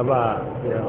Aba, yeah.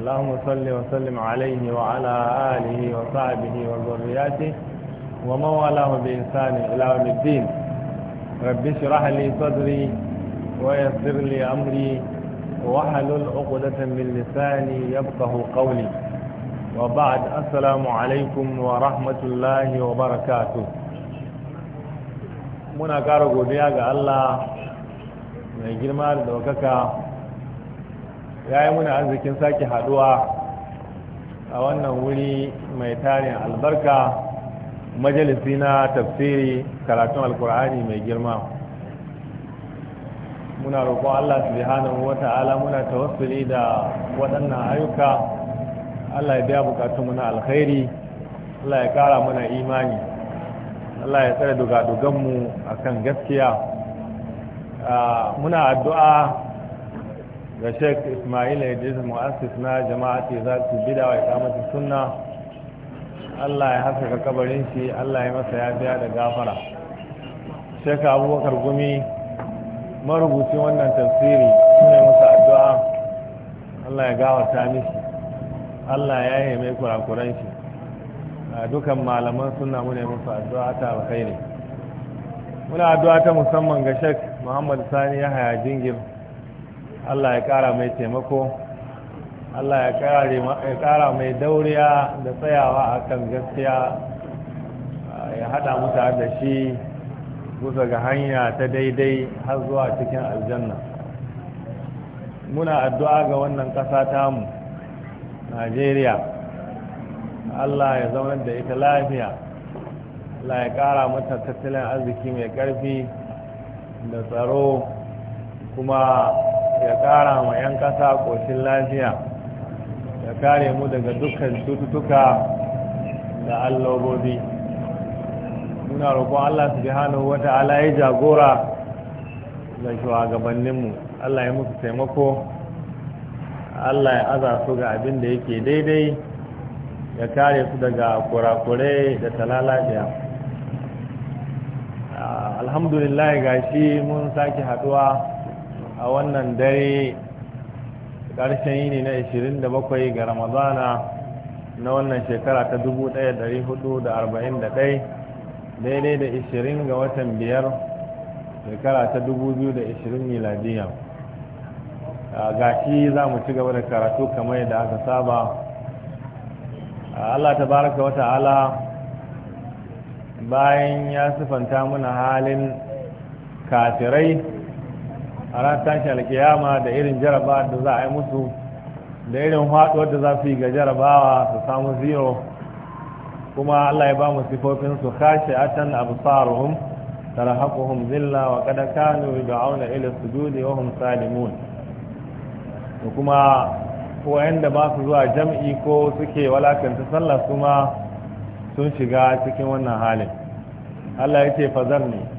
اللهم صل وسلم عليه وعلى آله وصحبه وذرياته ومن والاه بإنسان إلى يوم الدين رب اشرح لي صدري ويسر لي أمري واحلل عقدة من لساني يفقه قولي وبعد السلام عليكم ورحمة الله وبركاته muna ƙara godiya ga Allah mai girma da ɗaukaka ya yi muna arzikin sake haduwa a wannan wuri mai tarin albarka majalisi na tafsiri karatun alkur'ani mai girma muna roƙon allah subhanahu wa ta'ala muna tawassuli da waɗannan ayyuka allah ya biya bukatu muna alkhairi allah ya ƙara muna imani allah ya tsare dugaduganmu a kan gaskiya ah, muna addu'a ga sheik ismail idris mu'assis na jama'ati za su bida wa ikamatu sunna allah ya haskaka kabarin shi allah ya masa yafiya da gafara sheik abubakar gumi marubuci wannan tafsiri ne masa addu'a allah ya gawarta mishi allah ya yi mai kurakuran shi dukan malaman suna ne musu addu'a ta alkhairi muna addu'a ta musamman ga sheik muhammad sani ya haya jingir Allah ya kara mai taimako Allah ya ƙara mai dauriya da tsayawa a kan gaskiya ya hada muta da shi gusa ga hanya ta daidai har zuwa cikin aljanna muna addu'a ga wannan ƙasa mu Najeriya Allah ya zaunar da ita lafiya Allah ya kara mata tattalin arziki mai ƙarfi da tsaro kuma ya ƙara ma 'yan ƙasa ƙoshin lafiya ya kare mu daga dukkan cututtuka da allobobi muna roƙon allah su ji hannu wata ala jagora da shugabanninmu allah ya musu taimako allah ya aza su ga abin da yake daidai ya kare su daga kurakure da talalajiya alhamdulillah ga shi mun sake haɗuwa. a wannan dare ƙarshen yini na 27 ga ramadana na wannan shekara ta 1441 daidai da 20 ga watan biyar shekara ta 2020 miladiya ga shi za mu ci gaba da karatu kamar yadda aka saba Allah ta baraka wata ala bayan ya sifanta muna halin kafirai a ran tashi alkiyama da irin jaraba da za a yi musu da irin haɗuwar da za su yi ga jarabawa su samu zero kuma Allah ya ba mu sifofin su kashi atan absaruhum tarhaquhum zilla wa da kanu auna ila jude wa hum salimun da kuma wayanda ba su zuwa jam'i ko suke walakanta sallah ma sun shiga cikin wannan halin Allah ya ce fazar ne.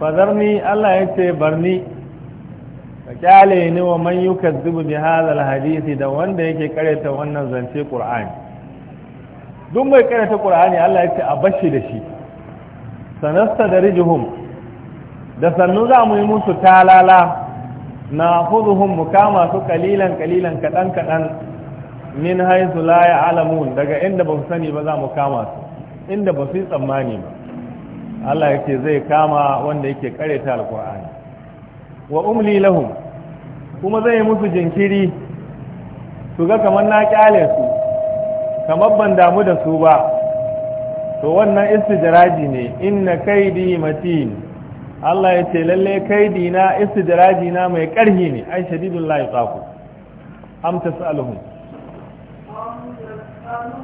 fazarni Allah ya ce barni ka kyale ni wa man yukazzibu bi hadhal hadisi da wanda yake karanta wannan zance Qur'ani duk mai karanta Qur'ani Allah ya ce a bashi da shi sanasta da da sannu za mu yi musu talala na huzuhum mukama su kalilan kalilan kaɗan-kaɗan. min haisu la ya'lamun daga inda ba su sani ba za mu kama su inda ba su yi tsammani ba Allah yake zai kama wanda yake ta alqur'ani wa umli lahum kuma zai musu jinkiri su ga kamar na kyale su kamar ban damu da su ba to wannan istijraji ne inna kaidi matin Allah ya ce lalle kaidi na istijraji na mai karhi ne ai shadidul la yaqafu am tasaluhum Allah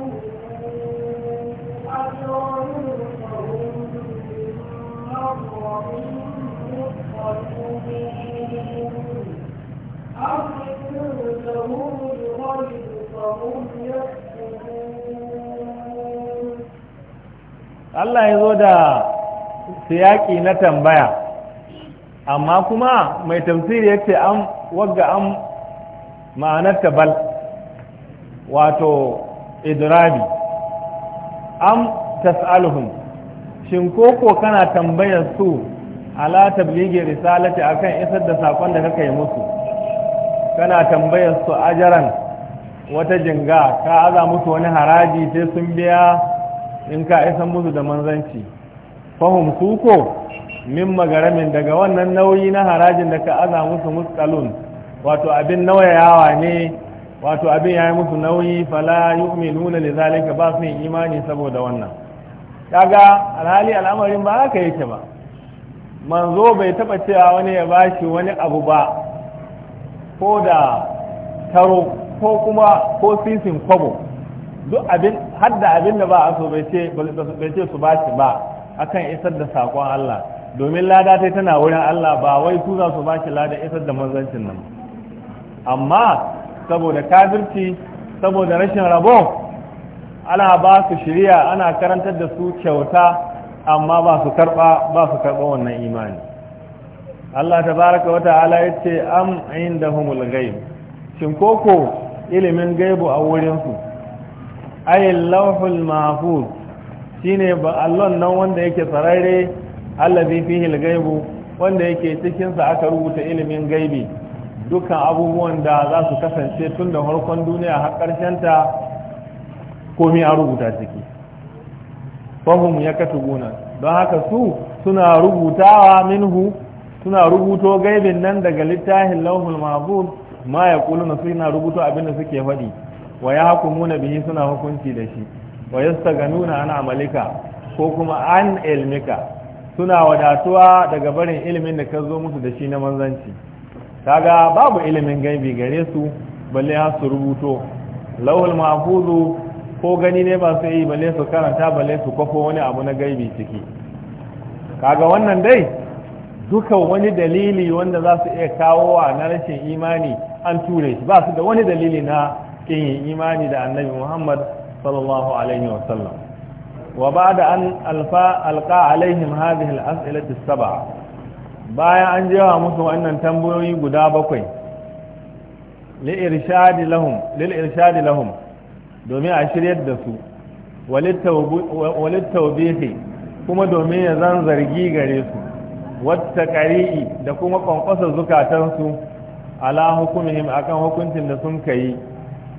ya zo da siyaki na tambaya amma kuma mai tamsiri ya ce an wagga an ma'anar tabal wato idrabi am tas'aluhum shin koko kana tambayar su ala tabligi risalati akan isar da sakon da kake musu kana tambayar su ajaran wata jinga ka aza musu wani haraji sai sun biya in ka isan musu da manzanci fahim su ko min magaramin daga wannan nauyi na harajin da ka aza musu muskalun wato abin nauyayawa ne wato abin ya yi musu nauyi fala nuna li zalika ba su yin imani saboda wannan kaga alhali al'amarin ba haka yake ba manzo bai taba cewa wani ya bashi wani abu ba ko da taro ko kuma ko sisin kwabo duk abin har abin da ba a so bai ce su bashi ba akan isar da saƙon Allah domin lada ta tana wurin Allah ba wai su za su bashi lada isar da manzancin nan amma saboda kafirci saboda rashin rabo ana ba su shirya ana karantar da su kyauta amma ba su karba ba su karba wannan imani Allah tabaraka wa ta'ala yace am indahumul ghaib shin koko ilimin gaibu a wurin su ayil lawhul mahfuz shine ba Allah nan wanda yake tsararre allazi fihi al-ghaibu wanda yake cikin sa aka rubuta ilimin gaibi dukkan abubuwan da za su kasance tun da farkon duniya har ƙarshen ta komi a rubuta ciki fahim ya kasu guna don haka su suna rubutawa minhu suna rubuto gaibin nan daga littafin lauhul mahfuz ma ya kulu na suna rubuto abin da suke faɗi wa ya hukumuna bihi suna hukunci da shi wa yastaganuna an amalika ko kuma an ilmika suna wadatuwa daga barin ilimin da ka zo musu da shi na manzanci kaga babu ilimin gaibi gare su balle ha su rubuto lawul mahfuzu ko gani ne ba su yi balle su karanta balle su kwafo wani abu na gaibi ciki kaga wannan dai duka wani dalili wanda za su iya kawo wa na rashin imani an ture shi ba su da wani dalili na kin imani da annabi muhammad sallallahu alaihi wa sallam wa ba da an alfa alqa alaihim hadhihi al-as'ilati as-sab'a bayan an jewa musu wannan tambayoyi guda bakwai irshadi lahum domin a shiryar da su walittaubihi kuma domin ya zan zargi gare su wata ƙari'i da kuma kwankwasa zukatansu ala hukumihim akan hukuncin da sun kayi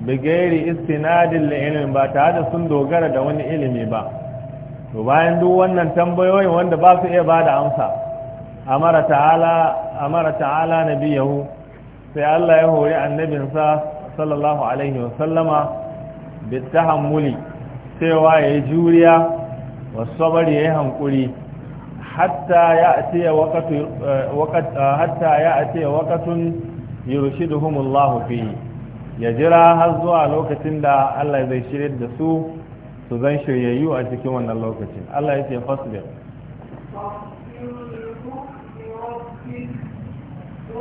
bigairi istinadin ilimin ba tare da sun dogara da wani ilimi ba to bayan duk wannan tambayoyin wanda ba su iya ba da amsa amara ta'ala na biya nabiyahu sai Allah ya hori annabinsa sallallahu alaihi wasallama bitahammuli cewa ya yi juriya wasabari ya yi hankuri hatta ya atiya waqatu waqat hatta ya yurshiduhumullahu fihi ya jira har zuwa lokacin da Allah zai shirye da su su zan shiryayyu a cikin wannan lokacin Allah ya ce fasbir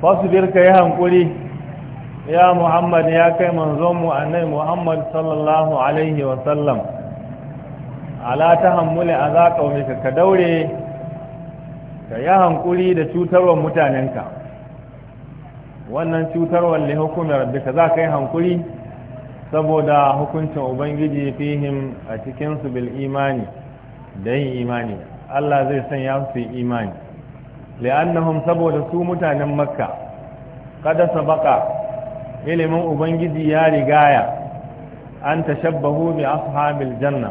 fasbir ka yi hankuri ya muhammad ya kai manzonmu annai muhammad sallallahu alaihi wasallam ala ta hammule a za ka ka daure ka yi hankuri da cutarwar mutanenka wannan cutarwar da hukumar ka za ka yi hankuri saboda hukuncin ubangiji fihim a cikinsu bil imani da yin imani allah zai sanya su imani li'annahum saboda su mutanen makka kada sabaka ilimin ubangiji ya rigaya an tashabbahu bi ashabil janna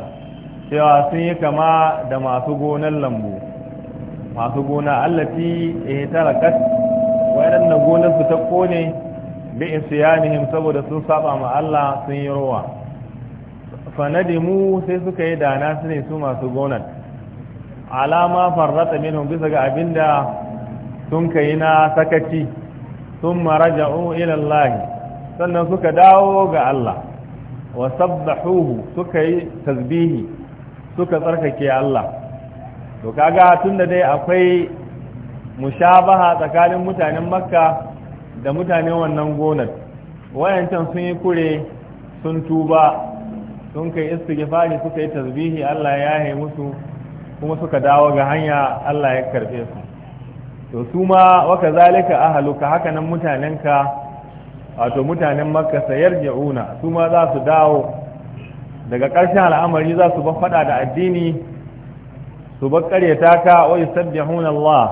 cewa sun yi kama da masu gonar lambu masu gona allati ihtarakat waɗanda gonar su ta kone bi isyanihim saboda sun saba ma Allah sun yi ruwa fanadimu sai suka yi dana su ne su masu gonar alama farrata minhum bisa ga abinda sun kai na sakaci sun maraja'u ila Allah sannan suka dawo ga Allah wa sabbahuhu suka yi tasbihi suka tsarkake Allah to kaga tunda dai akwai mushabaha tsakanin mutanen Makka da mutanen wannan gonar wayancan sun yi kure sun tuba sun kai istighfari suka yi tasbihi Allah ya yi musu kuma suka dawo ga hanya Allah ya karfe su to su ma waka zalika ahaluka haka nan mutanenka wato mutanen makka sayar ja'una su ma za su dawo daga ƙarshen al'amari za su faɗa da addini su ba ƙaryata ka wai sabbihun Allah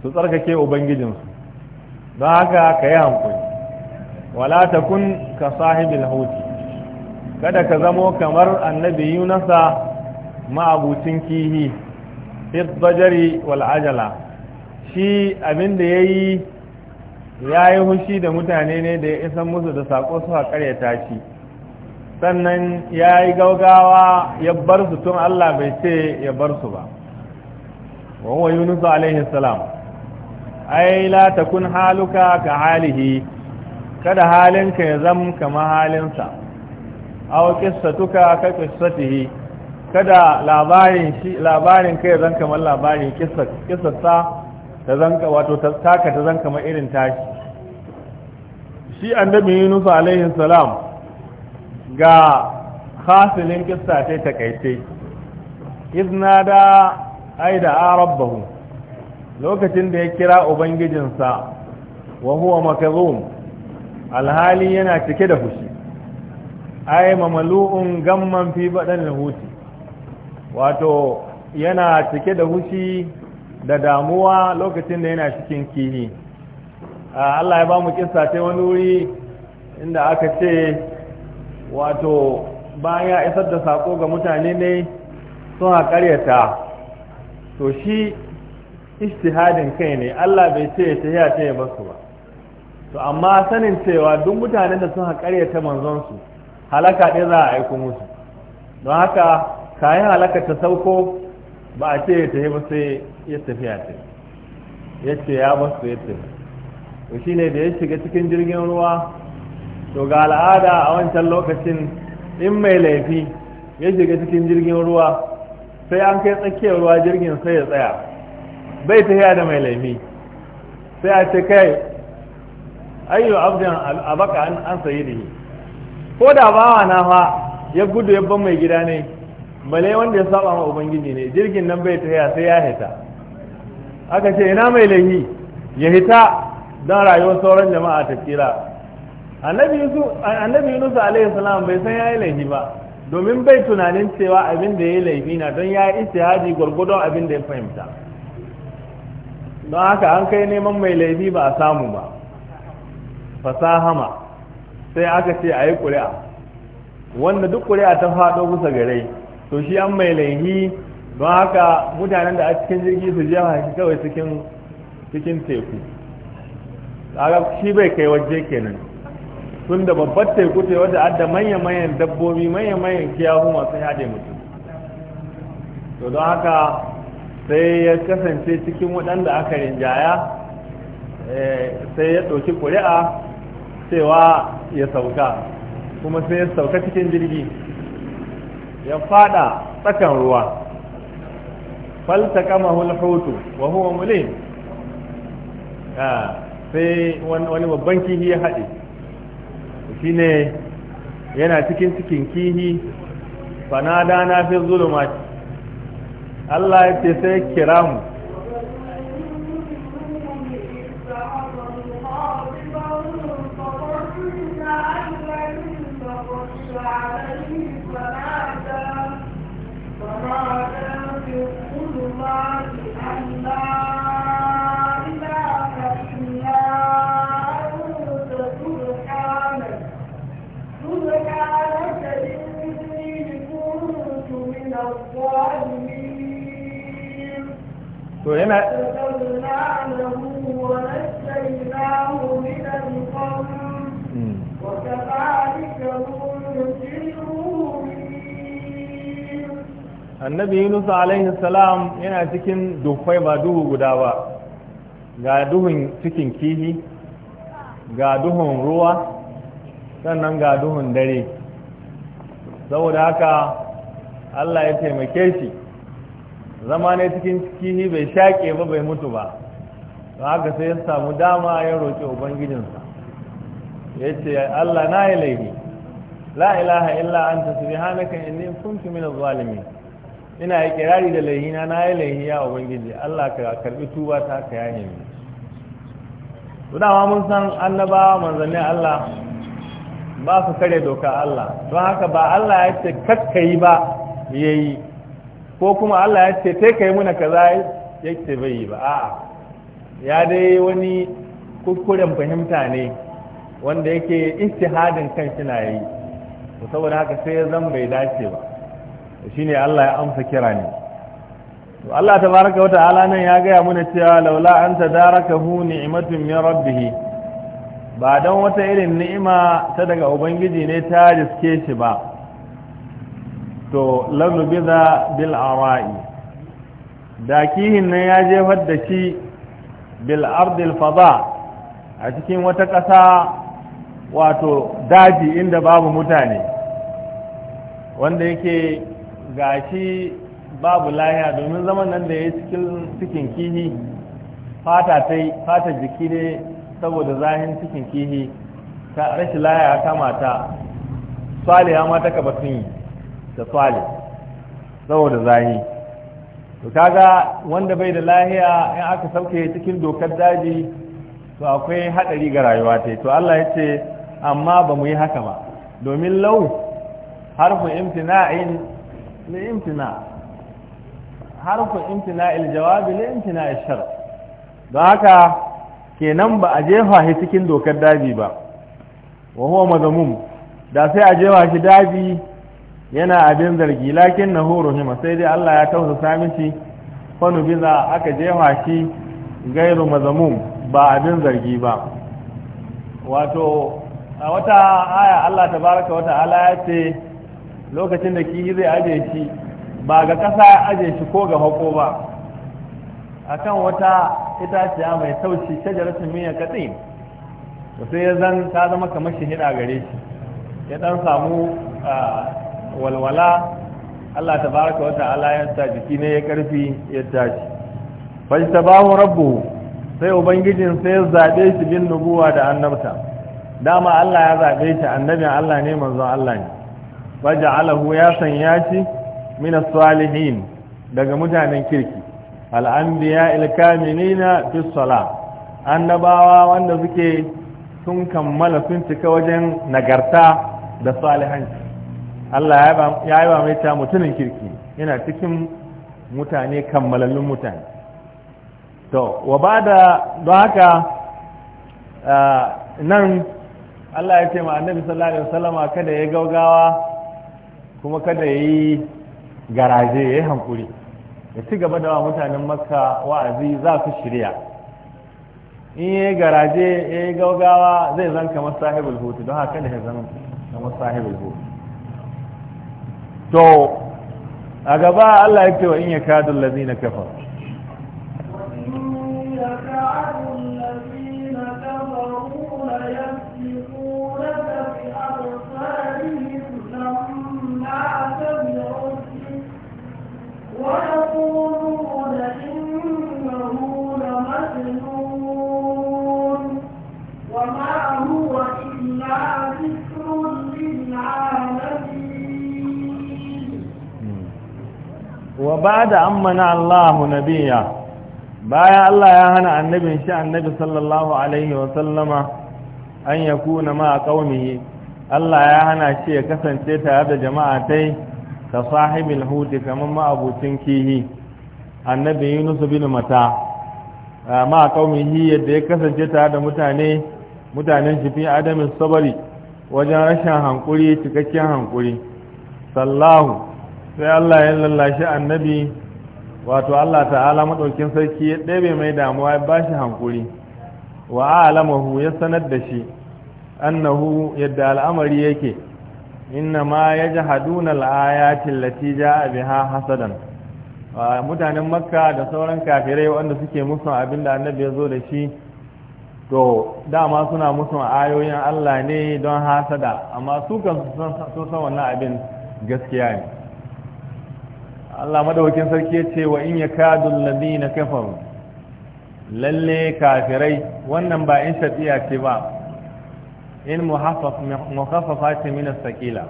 su tsarkake ubangijinsu don haka ka yi hankuli wala takun ka sahibil huti kada ka zamo kamar annabi yunusa ma'abucin kihi wal wal'ajala shi abin da ya yi ya yi hushi da mutane ne da ya isan musu da saƙo suka karyata shi sannan ya yi gaugawa ya bar su tun Allah bai ce ya bar su ba wa yunusu alaihi salam ai la takun haluka ka halihi kada halinka ya zam kama halinsa aw kissatuka ka kissatihi kada labarin shi labarin kai zan kamar labarin kissa ta ta zanka wato ta taka ta zan kamar irin tashi shi annabi Yunus alaihi salam ga hasilin kissa ta takaice izna da aida rabbahu lokacin da ya kira ubangijinsa wa huwa makazum alhali yana cike da fushi ay mamlu'un gamman fi badan huti wato yana cike da hushi da damuwa lokacin da yana cikin kini. Allah ya ba mu kissa ta wani wuri inda aka ce wato bayan ya isar da sako ga mutane ne sun haƙaryata to shi istihadin kai ne Allah bai ce ta yi ta ya basu ba to amma sanin cewa duk mutanen da sun haƙaryata manzonsu halaka ɗaya za a aiko musu don haka kayan halaka ta sauko ba a ce ya tafi ba sai ya tafi a ya ce ya basu ya tafi to shi ne da ya shiga cikin jirgin ruwa to ga al'ada a wancan lokacin in mai laifi ya shiga cikin jirgin ruwa sai an kai tsakiyar ruwa jirgin sai ya tsaya bai tafiya da mai laifi sai a ce kai ayyu abdin abaka an sayi da ko da bawa na fa ya gudu ya ban mai gida ne bale wanda ya saba ma ubangiji ne jirgin nan bai taya sai ya hita aka ce ina mai laihi ya hita don rayuwar sauran jama'a ta kira annabi yunus alaihi bai san ya yi laifi ba domin bai tunanin cewa abin da ya yi laifi na don ya yi istihadi gwargwadon abin da ya fahimta don haka an kai neman mai laifi ba a samu ba fasahama sai aka ce a yi ƙuri'a wanda duk ƙuri'a ta faɗo kusa gare to shi an mai laihi don haka mutanen da a cikin jirgi su je shi kawai cikin cikin teku kaga shi bai kai waje kenan tun da babbar teku ce wadda adda manya-manyan dabbobi manya-manyan kiyahu masu yaɗe mutum to don haka sai ya kasance cikin waɗanda aka rinjaya eh, sai ya ɗauki ƙuri'a cewa ya sauka kuma sai ya sauka cikin jirgi ya fada tsakan ruwa kama alhutu wa huwa mulim sai wani babban kihi ya haɗe ne yana cikin cikin kihi fanada na fi zulumati Allah ya ce sai kira mu to yana hmm. annabi yunus alaihi salam yana cikin dufai ba duhu guda ba ga duhun cikin kihi ga duhun ruwa sannan ga duhun dare saboda haka allah ya taimake shi zama ne cikin kihi bai shaƙe ba bai mutu ba don haka sai ya samu dama ya roƙi ubangijinsa ya ce Allah na yi laifi la ilaha illa anta subhanaka inni kuntu min zalimin ina yi kirari da laihina na yi laihi ya ubangiji Allah ka karbi tuba ta ka yaye ni dama mun san annabawa manzanni Allah ba su kare doka Allah don haka ba Allah ya ce kakkayi ba yayi ko kuma Allah ya ce kai yi muna kaza ya ce bai yi ba a'a ya dai wani kukuren fahimta ne wanda yake istihadin kan suna yi yi saboda haka sai ya zan bai dace ba shine Allah ya amsa kira ne to Allah tabaraka ala nan ya gaya mana cewa laula an tadarakahu ni'matun min rabbih ba dan wata irin ni'ima ta daga ubangiji ne ta riske shi ba to lanu biza bil ara'i da kihin nan ya jefar da shi bil ardil fada a cikin wata ƙasa wato daji inda babu mutane wanda yake gashi babu lahiya domin zaman nan da ya cikin cikin kihi fata tai fata jiki ne saboda zahin cikin kihi ta rashin lahiya ta saliha ma ta mata sun yi da tsali saboda zahi to kaga wanda bai da lahiya in aka sauke cikin dokar daji to akwai hadari ga rayuwa ta to Allah ya ce amma ba mu yi haka ba domin lau harfu imtina'in li imtina harfu imtina'il jawabi na imtina'il shar don haka kenan ba a jefa shi cikin dokar daji ba wa huwa mazamum da sai a jefa shi daji yana abin zargi lakin na hima sai dai Allah ya tausasa mishi fanu biza aka jefa shi gairu mazamum ba abin zargi ba wato a wata aya Allah ta baraka wata ala ya ce lokacin da kihi zai aje shi ba ga kasa ya aje shi ko ga hako ba A kan wata itaciya mai taushi shajaratun miya katsi sai ya zan ta zama kamar shi hida gare shi ya dan samu ah, walwala Allah baraka wata ala ya sa jiki ne ya karfi ya tashi fajtabahu rabbuhu sai ubangijin sai ya shi bin nubuwa da annabta dama Allah ya zaɓe shi annabin Allah ne manzo Allah ne Alahu ya sanya shi min salihin daga mutanen kirki al ilkaminina al fi salah annabawa wanda suke sun kammala sun cika wajen nagarta da salihanci Allah ya yi wa mai ta mutumin kirki yana cikin mutane kammalallun mutane to wa ba da don haka nan Allah ya ce ma annabi sallallahu alaihi wasallama kada ya gaugawa kuma kada ya yi garaje ya yi hankuri ya ci gaba da wa mutanen makka wa'azi za su shirya in ya yi garaje ya yi gaugawa zai zan kamar sahibul hutu don haka da ya zan kamar sahibul hutu to a gaba Allah ya ce wa in yakadu na kafa. ba'da ammana Allahu nabiyya bayan Allah ya hana annabin shi annabi sallallahu alaihi wa sallama an yakuna ma qaumihi Allah ya hana shi ya kasance tare da jama'a tai ka sahibil hudi kaman ma'abucin kihi annabi Yunus bin Mata ma qaumihi yadda ya kasance tare da mutane mutanen shi fi adamin sabari wajen rashin hankuri cikakken hankuri sallahu sai Allah ya lallashi annabi wato Allah ta'ala maɗaukin sarki ya ɗebe mai damuwa ya bashi hankuri wa alamahu ya sanar da shi annahu yadda al'amari yake inna ma ya ji hadunar ayatin latija a biha hasadan mutanen makka da sauran kafirai wanda suke musu abin annabi ya zo da shi to dama suna musu ayoyin Allah ne don hasada amma su kan su san wannan abin gaskiya ne Allah madawakin sarki ya ce wa in yakadu ladina kafaru lalle kafirai wannan ba in shafiya ce ba in muhaffafat min as sakila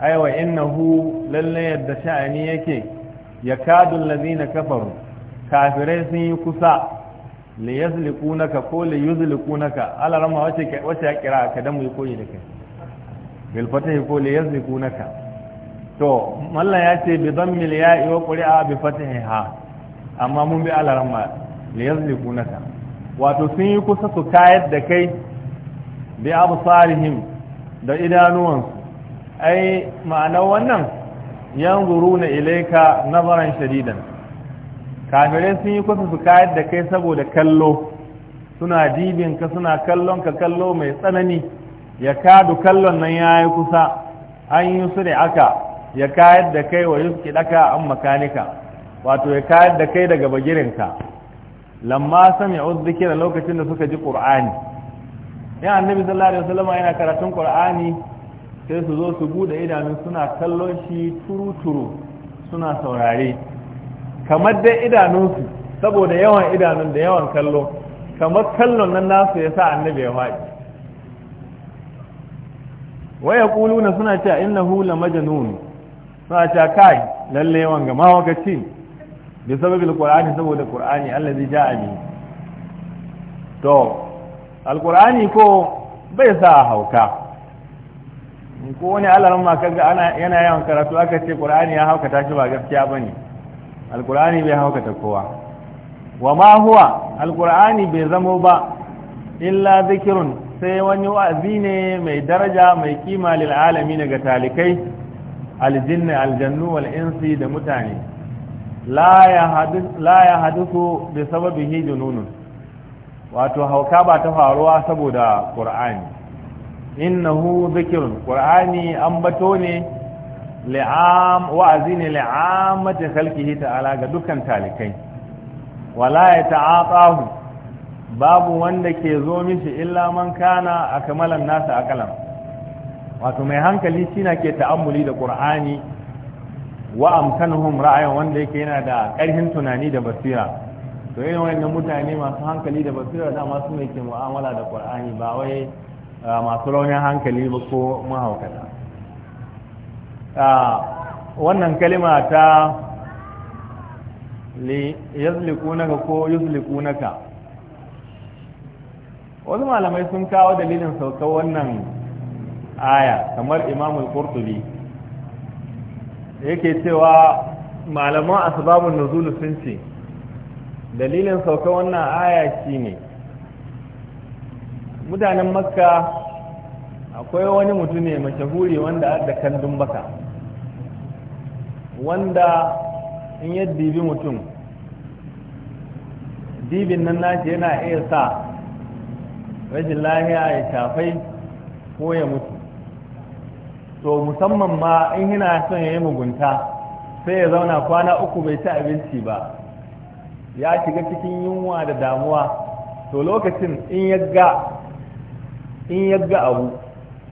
ay innahu lalle yadda sha'ani yake yakadu ladina kafaru kafirai sun yi kusa li yazliqunaka ko li yuzliqunaka Allah rama wace wace ya kira ka dan mu yi koyi da kai bil fatahi ko li yazliqunaka to mallan ya ce bi zammil ya'i iwa quri'a bi ha, amma mun bi alaran ma li yazliqunaka wato sun yi kusa su kayar da kai bi absarihim da idanuwansu ai ma'anar wannan yanzuruna ilayka nazaran shadidan kafirai sun yi kusa su kayar da kai saboda kallo suna dibin ka suna kallon ka kallo mai tsanani ya kadu kallon nan yayi kusa an yi su da aka ya kayar da kai wa yuski daka an makanika wato ya kayar da kai daga bagirinka lamma sami'u da lokacin da suka ji qur'ani ya annabi sallallahu alaihi wasallam yana karatun qur'ani sai su zo su bude idanun suna kallon shi turuturu suna saurare kamar dai idanunsu saboda yawan idanun da yawan kallo kamar kallon nan nasu ya sa annabi ya faɗi waya kuluna suna cewa innahu la majnun suna ta kai lalle wanga ma wakaci da sababin qur'ani saboda qur'ani allazi ja'a bi to alqur'ani ko bai sa hauka ko wani alarin ma kaga ana yana yawan karatu aka ce qur'ani ya haukata shi ba gaskiya bane alqur'ani bai haukata kowa wa ma huwa alqur'ani bai zamo ba illa zikirun sai wani wa'azi ne mai daraja mai kima lil alamin ga talikai aljinni aljannu wal da mutane la ya hadisu bi sababihi jununun wato hauka ba ta faruwa saboda qur'ani innahu zikrun an bato ne li'am wa'azi ne li'ammati khalqihi ta'ala ga dukkan talikai wala ya ta'atahu babu wanda ke zo mishi illa man a akmalan nasa a kalan. wato mai hankali shine ke ta'ammuli da qur'ani wa amkanuhum ra'ayin wanda yake yana da ƙarfin tunani da basira to irin wayannan mutane masu hankali da basira da masu ne ke mu'amala da qur'ani ba wai ah, masu raunin hankali ba ko mahaukata ah, wannan kalima ta yazlikunaka ko yuzlikunaka wasu malamai sun kawo dalilin saukar wannan aya kamar imamul qurtubi yake cewa malaman asbabun nuzul sun ce dalilin sauka wannan aya ne. mutanen makka akwai wani mutum ne mashahuri wanda da kandun baka wanda in ya dibi mutum dibin nan nashi yana iya sa rashin lahiya ya shafai ko ya mutu to musamman ma in yana son ya yi mugunta sai ya zauna kwana uku bai ci abinci ba ya shiga cikin yunwa da damuwa to lokacin in ya ga in ya ga abu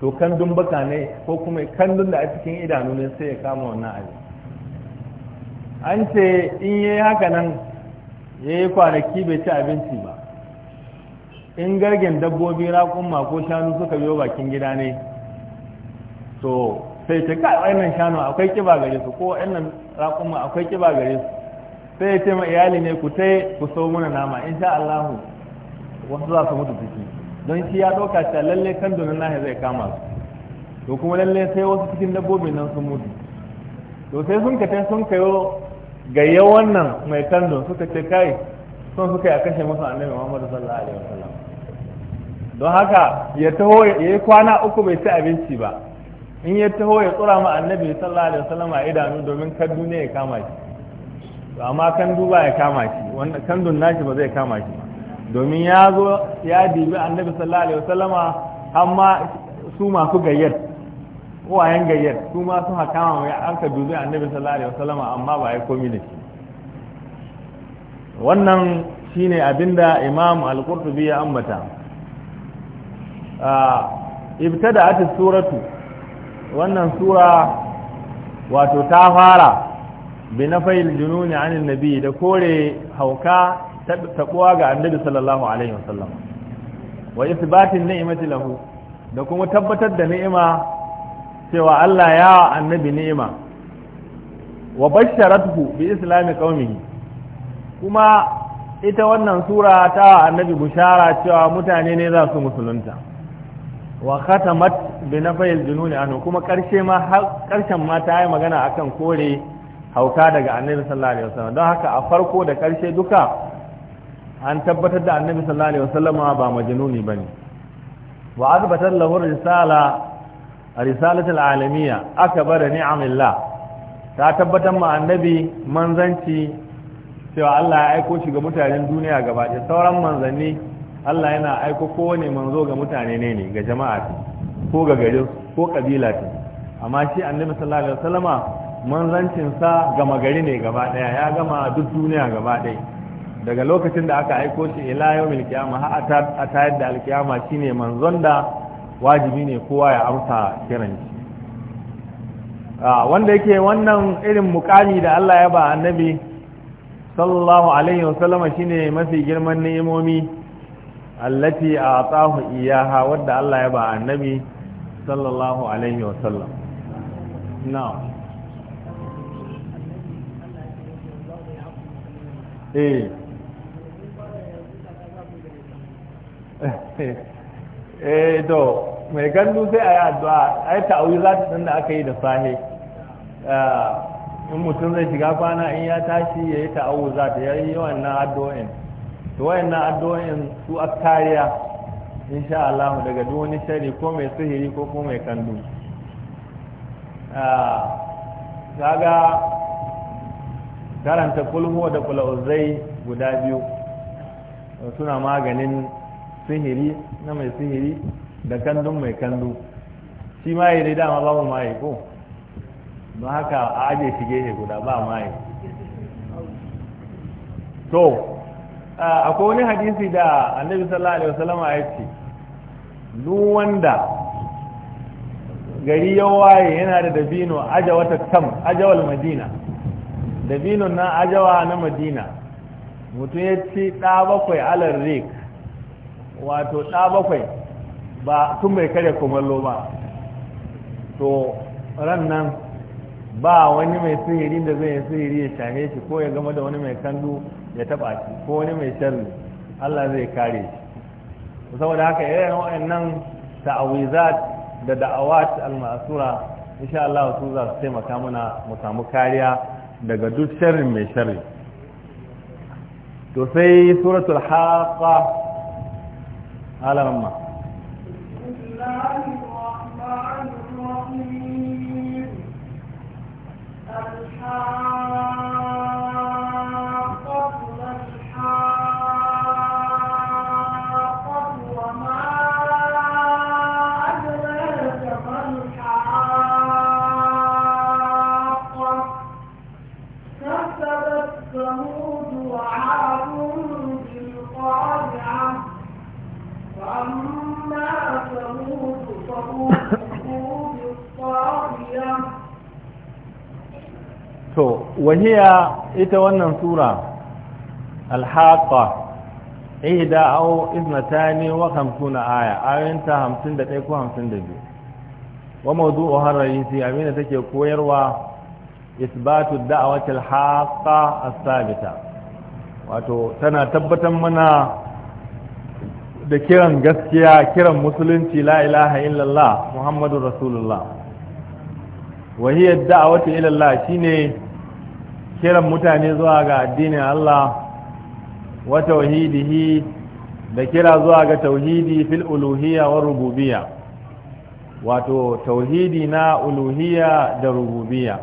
to kandun baka ne ko kuma kandun da a cikin idanu ne sai ya kama wannan abin an ce in ya yi haka nan ya yi kwanaki bai ci abinci ba in gargen dabbobi raƙumma ko shanu suka biyo bakin gida ne to sai ce kai wannan shanu akwai kiba gare su ko wannan raƙuma akwai kiba gare su sai ya ce ma iyali ne ku tai ku so muna nama insha Allah wasu za su mutu ciki don shi ya ɗauka cewa lalle kan donin nahi zai kama su to kuma lalle sai wasu cikin dabbobi nan sun mutu to sai sun kace sun kayo gayya wannan mai kando suka ce kai sun suka yi a kashe masa annabi Muhammadu sallallahu alaihi wasallam don haka ya taho ya yi kwana uku bai ci abinci ba in ya taho ya tsura ma annabi sallallahu alaihi wasallam a idanu domin kan duniya ya kama shi to amma kan duba ya kama shi wanda kan dun nashi ba zai kama shi domin ya zo ya dibi annabi sallallahu alaihi wasallam amma su masu gayyar wayan gayyar su ma sun hakama mai an ka dubi annabi sallallahu alaihi wasallam amma ba ya komi da shi wannan shine abinda imam al-qurtubi ya ambata ah, ibtada'at as suratu wannan sura wato ta fara bi na fayil jununi an nabi da kore hauka taɓuwa ga annabi sallallahu alaihi wasallam wa isbatin ni'mati lahu da kuma tabbatar da ni'ima cewa Allah ya annabi ni'ima wa basharatuhu bi islami qaumihi kuma ita wannan sura ta annabi bushara cewa mutane ne za su musulunta wa khatamat bi nafayil jununi anhu kuma karshe ma karshen ma ta yi magana akan kore hauka daga annabi sallallahu alaihi wasallam don haka a farko da karshe duka an tabbatar da annabi sallallahu alaihi wasallam ba majnuni bane wa azbatar lahu risala risalatul alamiyya akbar ni'amillah ta tabbatar ma annabi manzanci cewa Allah ya aiko shi ga mutanen duniya gaba ɗaya sauran manzanni Allah yana aiko kowane manzo ga mutane ne ne ga jama'a ko ga gari ko kabila ce amma shi annabi sallallahu alaihi wasallama manzancin sa gama gari ne gaba daya ya gama duk duniya gaba daya daga lokacin da aka aiko shi ila yawmil qiyama har a tayar da alkiyama shine manzon da wajibi ne kowa ya amsa kiran shi wanda yake wannan irin mukami da Allah ya ba annabi sallallahu alaihi wasallama shine mafi girman ni'imomi allati a'tahu iyaha wadda Allah ya ba annabi sallallahu alaihi wa na'am eh eh to mai gandu sai a yi addu'a a yi din da aka yi da sahi ah, in mutum zai shiga kwana in ya tashi ya yi ta'awuzat ya yi wannan addu'o'in to wayannan addu'o'in su akariya kariya insha Allah daga duk wani shari ko mai sihiri ko ko mai kandu ah, kaga karanta kulhu da kula'uzai guda biyu suna maganin sihiri na mai sihiri da kandun mai kandu shi maye dai dama babu maye ko don haka a aje shi guda ba maye to Ah, akwai wani hadisi da annabi sallallahu alaihi wasallam ya ce duk wanda gari ya waye yana da dabino ajawa ta tam ajawal madina dabinon na ajawa na madina mutum ya ci ɗa bakwai alar rik wato ɗa bakwai ba tun bai kare kumallo ba to ran nan ba wani mai sihiri da zai sihiri ya shahe shi ko ya gama da wani mai kandu ya taba shi ko wani mai sharri Allah zai kare shi saboda haka irin wa'annan ta'awizat da da'awat al-ma'sura insha Allah su za su taimaka muna mu samu kariya daga duk sharrin mai sharri to sai suratul haqa alamma الرحمن wahiya ita wannan sura alhaqa ihda aw ithnatani wa khamsuna aya ayanta 51 ko 52 wa mawdu'uha ar-ra'isi amina take koyarwa isbatu da'wati alhaqa as-sabita wato tana tabbatar mana da kiran gaskiya kiran musulunci la ilaha illallah muhammadur rasulullah wa hiya ad-da'watu ila Allah shine kiran mutane zuwa ga addinin Allah wa tauhidihi da kira zuwa ga tauhidi fil uluhiyya wa rububiyya wato tauhidi na uluhiyya da rububiyya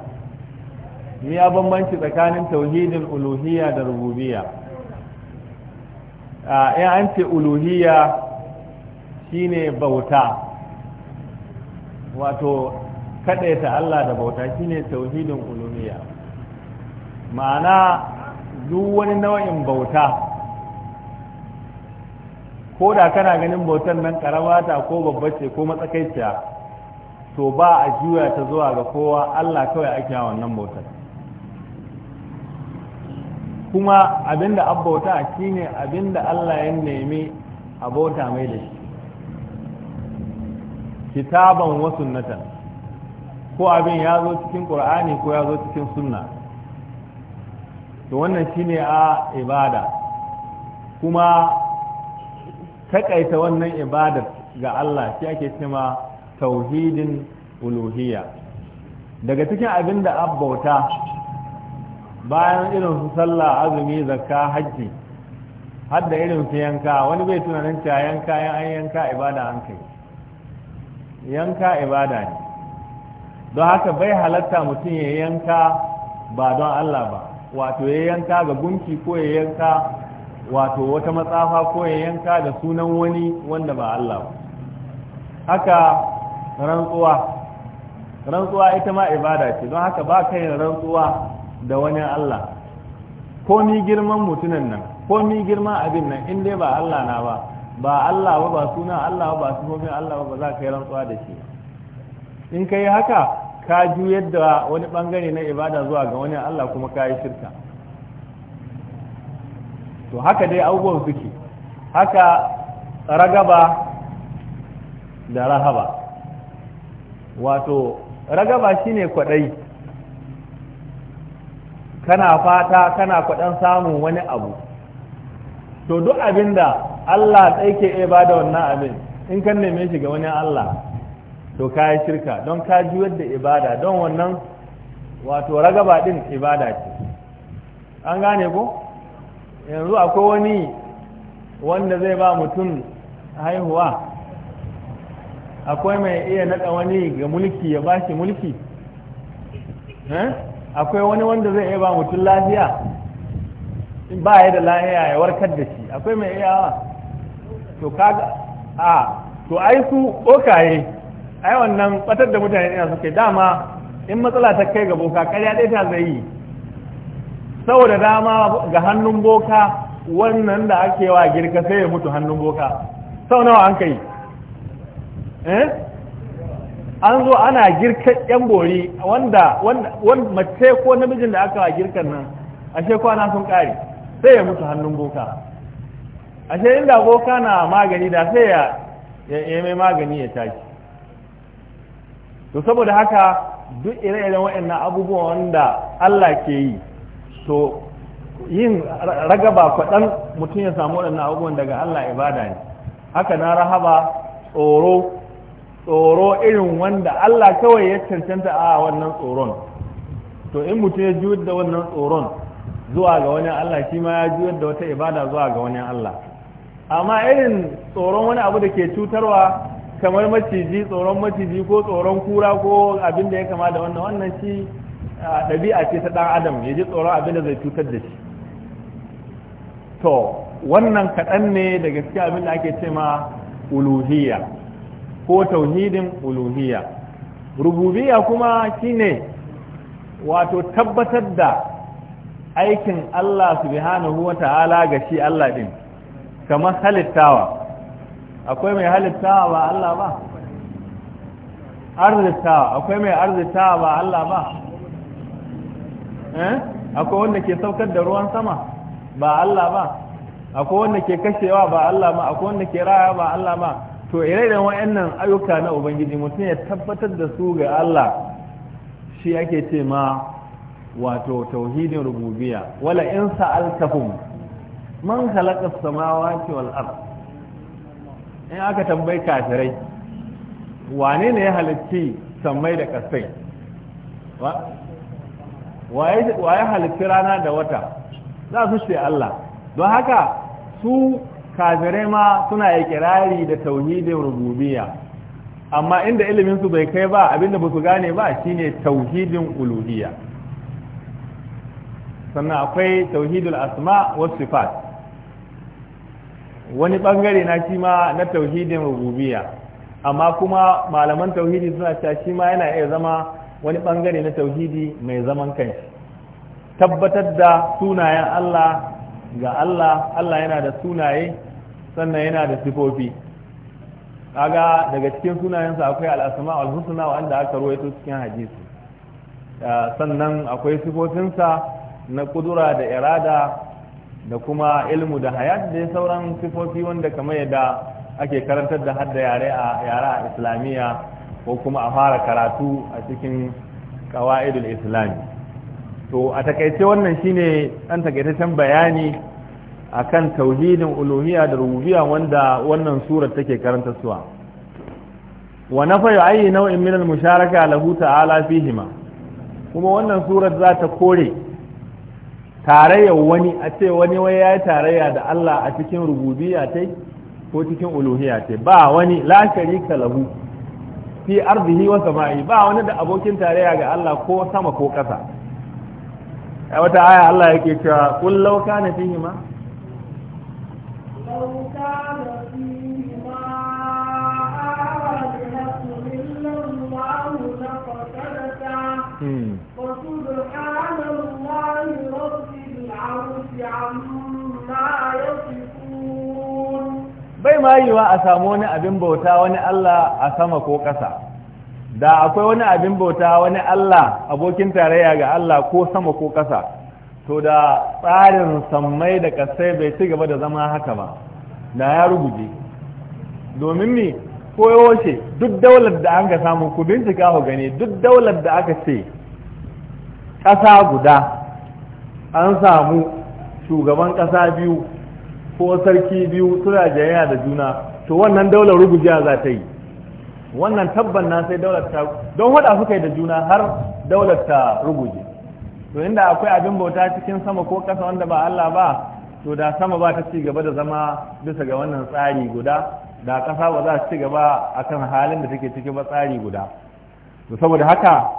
ni ya bambanci tsakanin tauhidin uluhiyya da rububiyya in an ce uluhiyya shine bauta wato kaɗaita Allah da bauta shine tauhidin uluhiyya ma'ana duk wani nau'in bauta ko da kana ganin bautar nan ta ko babba ce ko matsakaiciya to ba a juya ta zuwa ga kowa Allah kawai ake yawan wannan bautar kuma abinda abbauta shine abinda Allah ya nemi a bauta mai da shi kitaban wa sunnatan ko abin ya zo cikin qur'ani ko ya zo cikin sunna to wannan shine a ibada kuma takaita wannan ibadar ga Allah shi ake cewa tauhidin uluhiyya daga cikin abin da abbauta bayan irin su sallah azumi zakka hajji har da irin su yanka wani bai tunanin cewa yanka yan an yanka ibada an kai yanka ibada ne don haka bai halatta mutum ya yanka ba don Allah ba wato ya yanka ga gunki ko ya yanka wato wata matsafa ko ya yanka da sunan wani wanda ba Allah ba haka rantsuwa rantsuwa ita ma ibada ce don haka ba ka yin rantsuwa da wani Allah ko ni girman mutunan nan ko ni girman abin nan in dai ba Allah na ba ba Allah ba ba suna Allah ba ba sunan Allah ba ba za ka yi rantsuwa da shi in ka yi haka ka juyar da wani bangare na ibada zuwa ga wani Allah kuma ka yi shirka to haka dai abubuwan suke haka ragaba da rahaba wato ragaba shine kwadai kana fata kana kwadan samun wani abu to duk abinda Allah tsaike ibada wannan abin in kan neme shi ga wani Allah to ka yi shirka don ka juyar da ibada don wannan wato ragaba din ibada ce an gane ko yanzu akwai wani wanda zai ba mutum haihuwa akwai mai iya naɗa wani ga mulki ya bashi mulki eh? akwai wani wanda zai iya ba mutum lafiya ba ya da lafiya ya warkar da shi akwai mai iyawa to kaga a to ai su okaye ai wannan batar da mutane ina suke dama in matsala ta kai ga boka ƙarya ɗaya ta zai yi saboda dama ga hannun boka wannan da ake wa girka sai ya mutu hannun boka sau nawa an kai eh an zo ana girka yan bori wanda wanda mace ko namijin da aka wa girkan nan ashe kwana sun kare sai ya mutu hannun boka ashe inda boka na magani da sai ya ya mai magani ya tashi to saboda haka duk ire-iren waɗannan abubuwan wanda Allah ke yi to yin ragaba kwaɗan mutum ya samu waɗannan abubuwan daga Allah ibada ne haka na rahaba tsoro tsoro irin wanda Allah kawai ya cancanta a wannan tsoron to in mutum ya juyar da wannan tsoron zuwa ga wani Allah shi ma ya juyar da wata ibada zuwa ga wani Allah amma irin tsoron wani abu da ke cutarwa kamar maciji tsoron maciji ko tsoron kura ko abin da ya kama da wannan wannan shi ɗabi'a ce ta ɗan adam ya ji tsoron abin da zai cutar da shi to wannan kaɗan ne da gaskiya abin da ake ce ma uluhiyya ko tauhidin uluhiyya rububiyya kuma shine wato tabbatar da aikin Allah subhanahu wa ta'ala ga shi Allah ɗin kamar halittawa akwai mai halittawa ba Allah ba arzitawa akwai mai arzitawa ba Allah ba eh akwai wanda ke saukar da ruwan sama ba Allah ba akwai wanda ke kashewa ba Allah ba akwai wanda ke raya ba Allah ba to irin iren ayyuka na ubangiji mutum ya tabbatar da su ga Allah shi ake ce ma wato tauhidin rububiyya wala in sa'altahum man khalaqa as-samawati wal ardh in aka tambayi kafirai wane ne ya halitti sammai da kasai wa ya halitti rana da wata za su ce Allah don haka su kafirai ma suna ikirari da tauhidin rububiyya amma inda iliminsu bai kai ba abinda ba su gane ba shine tauhidin uluhiyya sannan akwai tauhidul asma wasu sifat wani bangare na shi ma na tauhidin rububiyya amma kuma malaman tauhidi suna cewa shi ma yana iya zama wani bangare na tauhidi mai zaman kanshi tabbatar da sunayen Allah ga Allah Allah yana da sunaye sannan yana da sifofi kaga daga cikin sunayensa akwai al'asama al-husna wanda aka ruwaito cikin hadisi sannan akwai sifofinsa na kudura da irada da kuma ilmu da hayat da sauran sifofi wanda kamar yadda ake karantar da hadda yare a yara a islamiyya ko kuma a fara karatu a cikin kawa'idul islami to a takaice wannan shine an takaitaccen bayani akan tauhidin uluhiyya da rububiyya wanda wannan surar take karanta suwa wa nafayu ayi nau'in min al-musharaka lahu ta'ala fihima kuma wannan surar za ta kore tarayya wani a ce wani wai ya yi tarayya da Allah a cikin rububiya ta ko cikin uluhiya ta ba wani la sharika fi ardihi wa sama'i ba wani da abokin tarayya ga Allah ko sama ko ƙasa a wata aya Allah yake cewa kullau kana fihi ma yiwa a samu wani abin bauta wani Allah a sama ko ƙasa da akwai wani abin bauta wani Allah abokin tarayya ga Allah ko sama ko ƙasa to da tsarin sammai da ƙasai bai ci gaba da zama haka ba da ya rubuje domin ne koyo ce duk daular da an ga samu ku bincika ku gani duk daular da aka ce ƙasa guda an samu shugaban ƙasa biyu ko sarki biyu suna jayayya da juna to wannan daular rugujiya za ta yi wannan tabban na sai daular ta don hada suka yi da juna har daular ta ruguje to inda akwai abin bauta cikin sama ko ƙasa wanda ba Allah ba to da sama ba ta ci gaba da zama bisa ga wannan tsari guda da ƙasa ba za ta ci gaba akan halin da take ciki ba tsari guda to saboda haka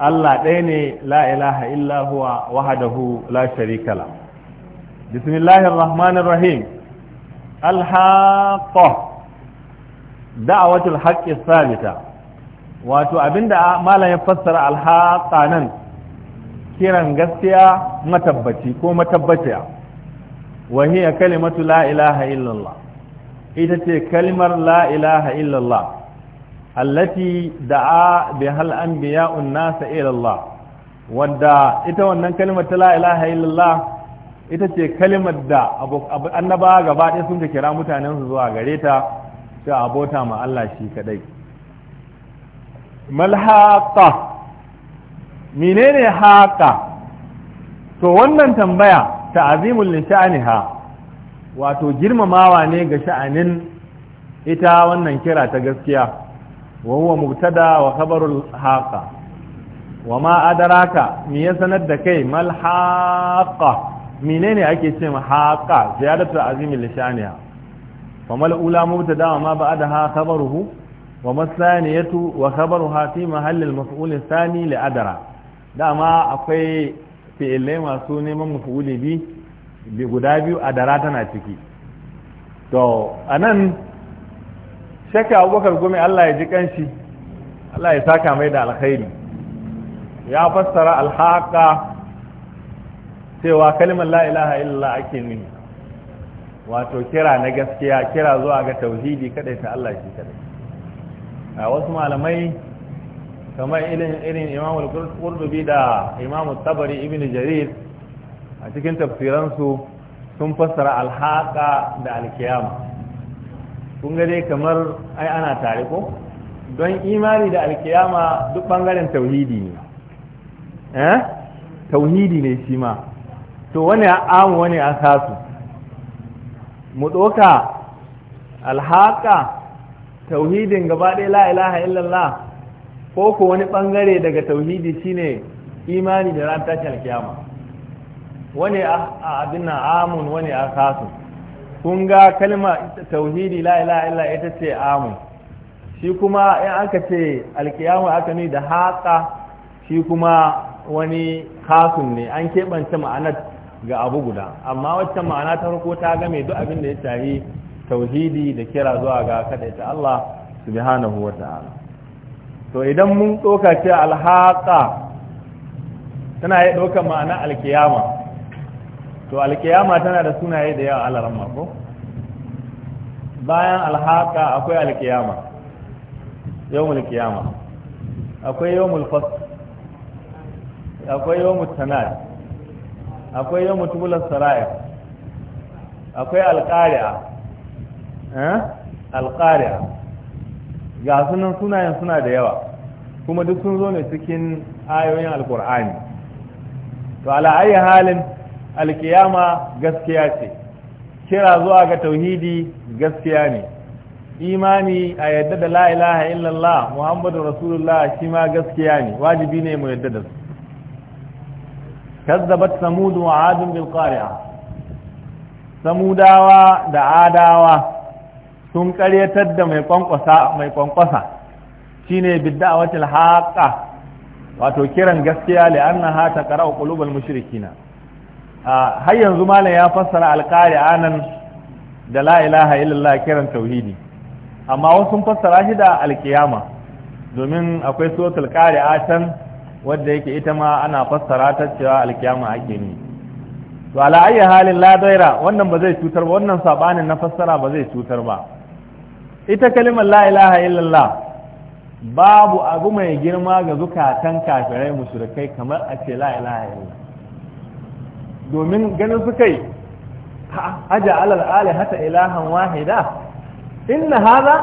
Allah ɗaya ne la ilaha illa huwa wahadahu, la sharika بسم الله الرحمن الرحيم الحاقة دعوة الحق الثابتة wato abinda malam ya fassara alhaqa nan kiran gaskiya matabbaci ko matabbaciya wa hiya kalimatu la ilaha illallah ita ce kalmar la ilaha illallah allati da'a bihal anbiya'un nasa ila Allah wadda ita wannan kalimar ta la ilaha illallah ita ce kalimar da annaba gaba ɗaya sun ka kira mutanen su zuwa gare ta ta abota ma Allah shi kadai malhaqa menene haqa to wannan tambaya ta azimul sha'niha wato girmamawa ne ga sha'anin ita wannan kira ta gaskiya wa huwa mubtada wa khabarul haqa wa ma ka me ya sanar da kai mal menene ake ce ma haqa ziyadatu azimi lishaniha fa mal ula mubtada ma ba'da ha khabaruhu wa masaniyatu wa khabaruha fi mahalli al maf'ul thani li adra dama akwai fi'ilai masu neman maf'uli bi bi guda biyu adara tana ciki to anan shakka abubakar gome Allah ya ji kanshi Allah ya saka mai da alkhairi ya fassara alhaka. cewa kalimar la ilaha illallah ake nuni wato kira na gaskiya kira zuwa ga tauhidi kadai ta Allah shi kadai a wasu malamai kamar irin irin Imam al da Imam tabari Ibn Jarir a cikin tafsiransu sun fassara alhaqa da alkiyama kun ga dai kamar ai ana tare ko don imani da alkiyama duk bangaren tauhidi ne eh tauhidi ne shi ma to wani amu wani a kasu mu ɗoka alhaka tauhidin gaba ɗaya la ilaha illallah ko ko wani ɓangare daga tauhidi shine imani da ran tashin alkiyama wani a abin na amun wani a kasu kun ga kalma tauhidi la ilaha illallah ita ce amun shi kuma in aka ce alkiyama aka ni da haƙa shi kuma wani kasun ne an keɓance ma'anar ga abu guda amma wacce ma'ana ta farko ta game duk abin da ya shahi tauhidi da kira zuwa ga kadaita Allah subhanahu wa ta'ala to idan mun doka ce alhaqa tana yi doka ma'ana alkiyama to alkiyama tana da sunaye da yawa ramma mako bayan alhaqa akwai alkiyama yawmul kiyama akwai yawmul fasl akwai yawmul tanad akwai yau mutubular saraya akwai alƙari'a eh? alƙari'a ga sunan sunayen suna da yawa kuma duk sun zo ne cikin ayoyin alƙur'ani to ala'ayi halin alƙiyama gaskiya ce kira zuwa ga tauhidi gaskiya ne imani a yadda da la illallah muhammadu rasulullah shi ma gaskiya ne wajibi ne mu yadda da su kazzabat samud wa adun bil qari'a samudawa da adawa sun karyatar da mai kwankwasa mai kwankwasa shine bid'awatil haƙa wato kiran gaskiya li annaha taqra'u qulubal mushrikina har yanzu malam ya fassara alqari'a anan da la ilaha illallah kiran tauhidi amma wasu fassara shi da alkiyama domin akwai suratul a can wadda yake ita ma ana fassara ta cewa alkiyama ake ni to ala ayi halin la daira wannan ba zai cutar ba wannan sabanin na fassara ba zai cutar ba ita kalimar la ilaha illallah babu abu mai girma ga zukatan kafirai musulkai kamar a ce la ilaha illallah domin ganin su kai aja alal alihata ilahan wahida inna hadha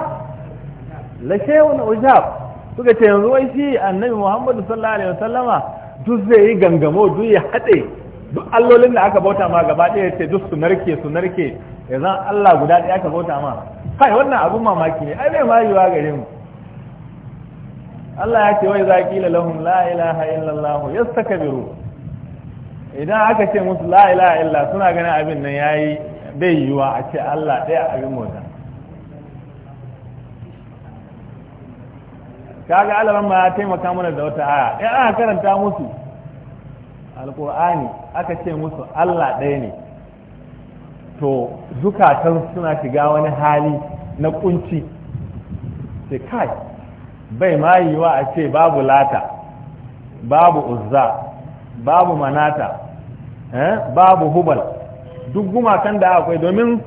la shay'un ujab suka ce yanzu wai shi annabi muhammadu sallallahu alaihi wasallama duk zai yi gangamo duk ya haɗe duk allolin da aka bauta ma gaba ɗaya ce duk su narke su narke ya zan allah guda ɗaya aka bauta ma kai wannan abun mamaki ne ai bai ma yiwa gare mu Allah ya ce wai za kila lahum la ilaha illallah yastakbiru idan aka ce musu la ilaha illa suna ganin abin nan yayi bai yiwa a ce Allah ɗaya abin mota kaga alaman ma ya taimaka mana da wata aya in aka karanta musu alqur'ani aka ce musu Allah ɗaya ne to zukatan suna shiga wani hali na kunci sai kai bai ma yiwa a ce babu lata babu uzza babu manata eh? babu hubal duk gumakan da akwai domin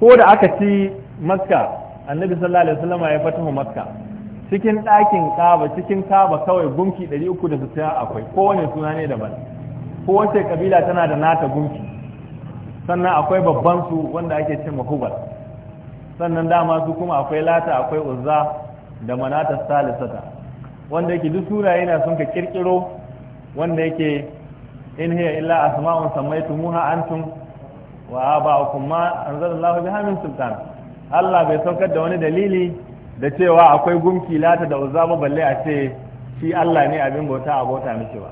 ko da aka ci makka annabi sallallahu alaihi wasallam ya fatahu makka cikin ɗakin kaba cikin kaba kawai gunki 360 akwai kowane suna ne daban kowace kabila tana da nata gunki sannan akwai babban su wanda ake ce mahubar sannan dama su kuma akwai lata akwai uzza da manata salisata wanda yake duk sunaye na sun ka kirkiro wanda yake in hiya illa asma'un sammaytumuha antum wa aba'ukum ma anzalallahu biha min sultan Allah bai saukar da wani dalili da cewa akwai gumki lata da uzza ba balle a ce shi Allah ne abin bauta a bauta mishi ba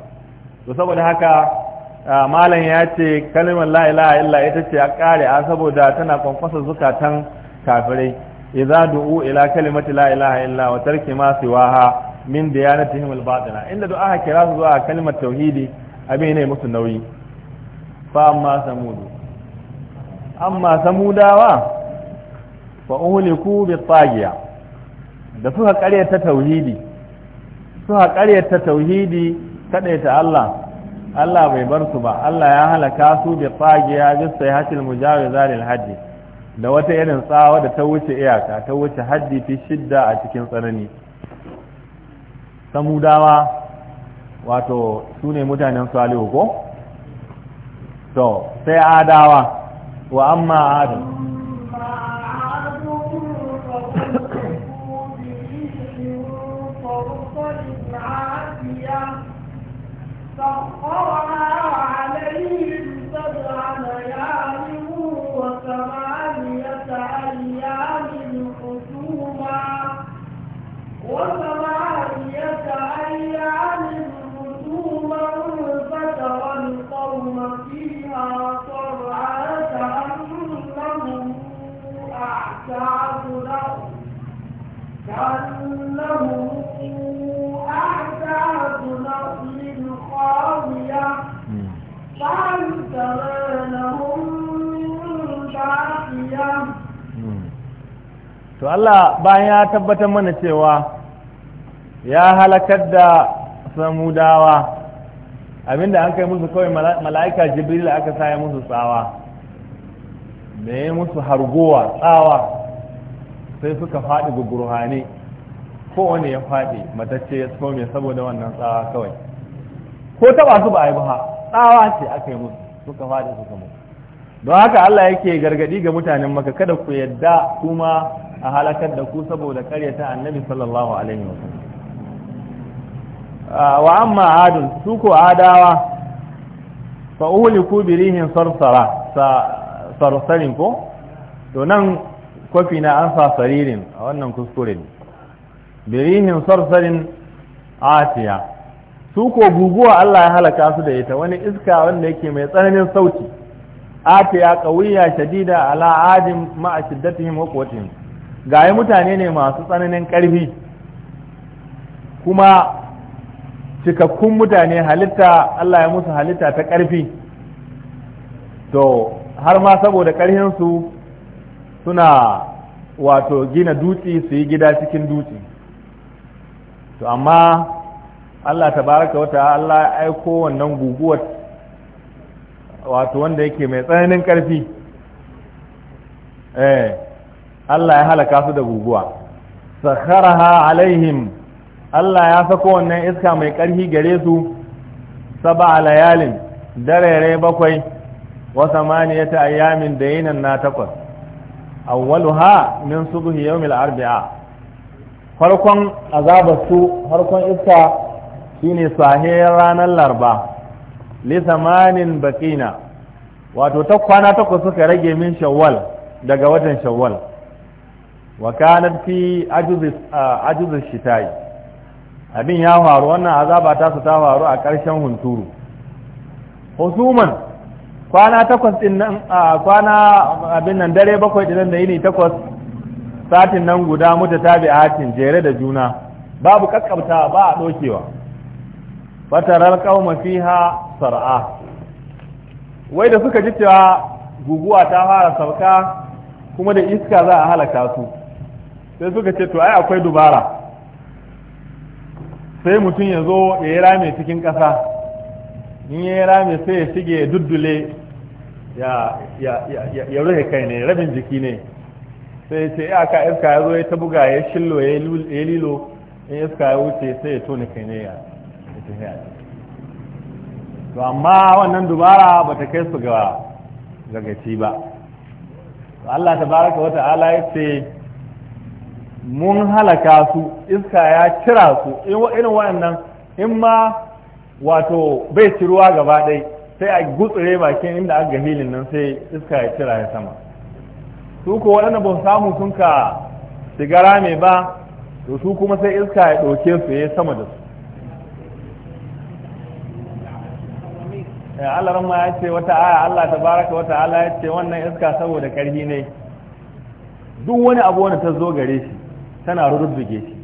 to saboda haka malam ya ce kalmar la ilaha illa ita ce a kare a saboda tana kwankwasa zukatan kafirai idza du'u ila kalimati la ilaha illa wa tarki ma siwaha min diyanatihim al-batina inda du'a kira su zuwa kalmar tauhidi abin ne musu nauyi fa amma samudu amma samudawa fa uhliku bi tagiya da suka karyata tauhidi suka karyata tauhidi kadaita Allah Allah bai bar su ba Allah ya halaka su bi tsagiya bisa hatil mujawiza lil haddi da wata irin tsawa da ta wuce iyaka ta wuce haddi fi shidda a cikin tsanani samudawa wato su ne mutanen salihu ko to sai adawa wa amma adam to Allah bayan ya tabbatar mana cewa ya halakar da samudawa abinda an kai musu kawai mala'ika jibril aka ya musu tsawa da ya musu hargowa tsawa sai suka faɗi gugurhane wani ya faɗi matacce ya tsome saboda wannan tsawa kawai ko taɓa su ba a yi ba tsawa ce aka yi musu suka faɗi suka mutu don haka Allah yake gargaɗi ga mutanen maka kada ku yadda kuma a halakar da ku saboda ta annabi sallallahu alaihi wasallam ah, wa amma adun su ko adawa fa uhliku bi rihin sarsara sarsarin ko to nan kwafi na an sa saririn a wannan kuskure ne bi rihin sarsarin atiya su ko guguwa Allah ya halaka su da ita wani iska wanda yake mai tsananin sauti atiya qawiyya shadida ala adim ma'a shiddatihim wa quwwatihim gaya mutane ne masu tsananin ƙarfi kuma cikakkun mutane halitta Allah ya musu halitta ta ƙarfi to har ma saboda ƙarhinsu suna wato gina dutse su yi gida cikin dutse to amma Allah Ta baraka wata Allah ya aiko wannan guguwar wato wanda yake mai tsananin ƙarfi eh Allah ya halaka su da guguwa sakharaha alaihim Allah ya sako wannan iska mai ƙarfi gare su saba layalin darere bakwai wa samaniyata ayyamin da yinan na takwas awwaluha min subhi yawmil arba'a farkon azabar su farkon iska shine sahiyar ranar larba li samanin baqina wato ta kwana takwas suka rage min shawwal daga watan shawwal wa kanat fi ajuz shitai abin ya faru wannan azaba ta su ta faru a ƙarshen hunturu husuman kwana takwas din nan kwana abin nan dare bakwai din da yini takwas satin nan guda muta tabi'atin jere da juna babu kakkabta ba a dokewa fataral qauma fiha sar'a wai da suka ji cewa guguwa ta fara sauka kuma da iska za a halaka su sai suka ce to ai akwai dubara sai mutum ya zo ya yi rame cikin ƙasa in ya yi rame sai ya shige ya duddule ya rufe kai ne rabin jiki ne sai ce ya ka iska ya zo ya ta buga ya shillo ya lilo in iska ya wuce sai ya tone kai ne ya to amma wannan dubara ba ta kai su ga gagaci ba Allah ta baraka wata ala ya ce mun halaka su iska ya cira su irin waɗannan in ma wato bai ci ruwa gaba ɗai sai a gutsure bakin inda aka hilin nan sai iska ya cira ya sama su ko waɗanda ba samu sun ka sigara mai ba to su kuma sai iska ya ɗauke su ya sama da su Allah ma ya ce wata aya Allah ta baraka wata ala ya ce wannan iska saboda ƙarfi ne duk wani abu wanda ta zo gare shi tana rurrubuge shi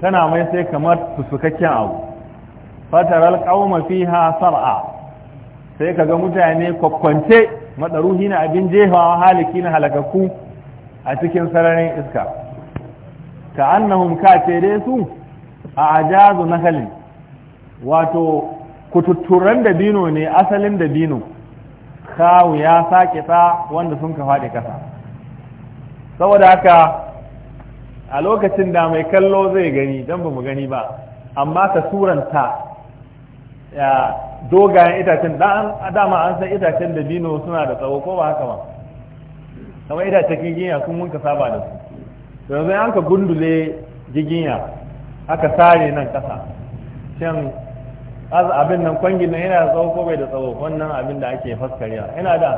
tana mai sai kamar fuskakken abu fatar alƙawma fiha sar'a sai ga mutane kwakwance madaruhi na abin jefawa haliki na halakakku a cikin sararin iska ka annahun ka dai su a ajazu na halin wato kututturan dabino ne asalin dabino kawu ya saƙi wanda sun ka faɗi ƙasa saboda haka a lokacin da mai kallo zai gani don ba mu gani ba amma ka suranta dogayen itacen dama an san itacen da bino suna da tsawo ko ba haka ba kamar itacen giginya sun mun ka saba da su yanzu an ka gundule giginya aka sare nan kasa shan abin nan kwangin nan yana da tsawo ko bai da tsawo wannan abin da ake faskariya yana da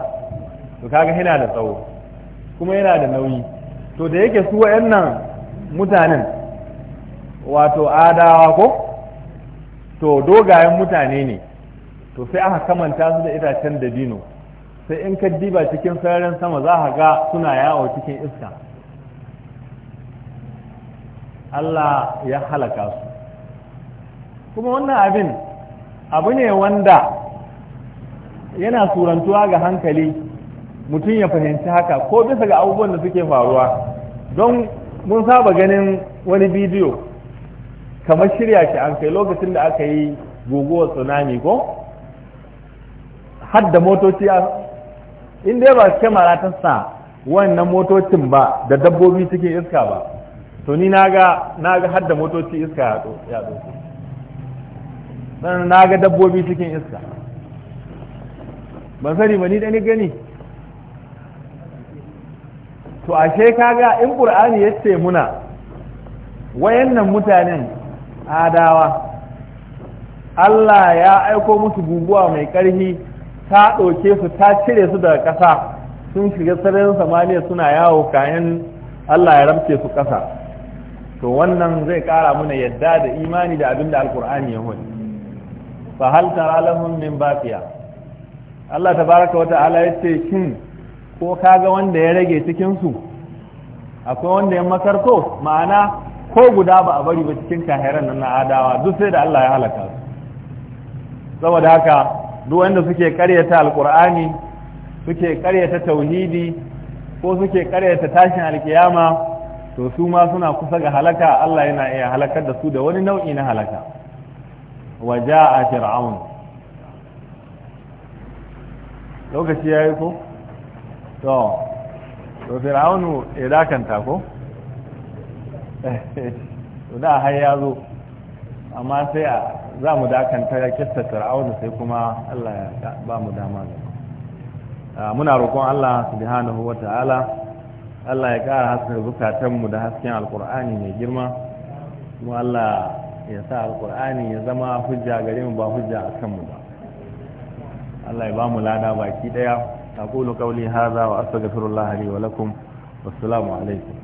to kaga yana da tsawo kuma yana da nauyi to da yake su wayannan mutanen wato adawa ko to dogayen mutane ne to sai aka kamanta su da itacen da dino sai in ka diba cikin sararin sama za ka ga suna yawo cikin iska Allah ya halaka su kuma wannan abin abu ne wanda yana surantuwa ga hankali mutum ya fahimci haka ko bisa ga abubuwan da suke faruwa don mun saba ganin wani bidiyo kamar shirya shi an kai lokacin da aka yi guguwar tsunami ko hadda motoci a inda ba kemara ta sa wannan motocin ba da dabbobi cikin iska ba to ni na ga hadda motoci iska ya ɗauko sannan na ga dabbobi cikin iska ban sani ba ni da ni gani to ashe ga in qur'ani ce muna wayannan mutanen adawa Allah ya aiko musu guguwa mai ƙarfi ta ɗauke su ta cire su daga ƙasa sun shiga sararin samaniya suna yawo kayan Allah ya rabce su ƙasa to wannan zai ƙara muna yadda da imani da abinda da alƙur'ani ya hudu fa hal tara lahum min baqiya Allah tabaraka wa ta'ala yace shin ko kaga wanda ya rage cikinsu akwai wanda ya makarto ma'ana ko guda ba a bari ba cikin kahiran nan na adawa duk sai da Allah ya halaka su saboda haka duk wanda suke karyata alkur'ani suke karyata tauhidi ko suke karyata tashin alkiyama to su ma suna kusa ga halaka Allah yana iya halakar da su da wani nau'i na halaka wa ja'a fir'aun lokaci yayi ko to to fir'aunu ya dakanta ko to da har ya zo amma sai a za mu dakanta ya kista fir'aunu sai kuma Allah ya ba mu dama muna roƙon Allah subhanahu wa ta'ala Allah ya ƙara haskar zukatanmu da hasken alƙur'ani mai girma kuma Allah ya sa alƙur'ani ya zama hujja gare mu ba hujja a kanmu ba Allah ya ba mu lada baki ɗaya أقول قولي هذا وأستغفر الله لي ولكم والسلام عليكم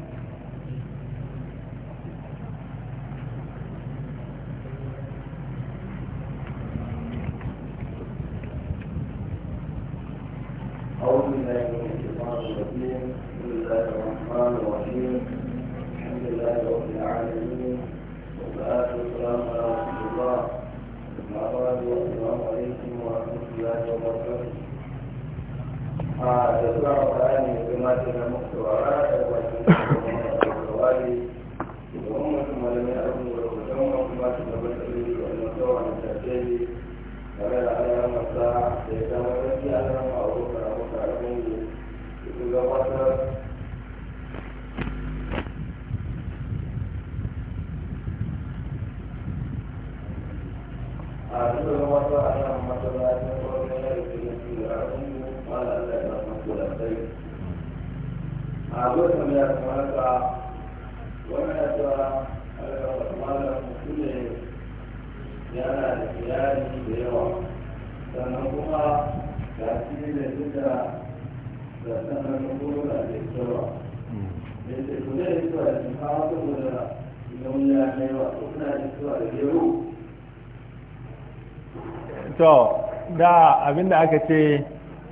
to da abinda aka ce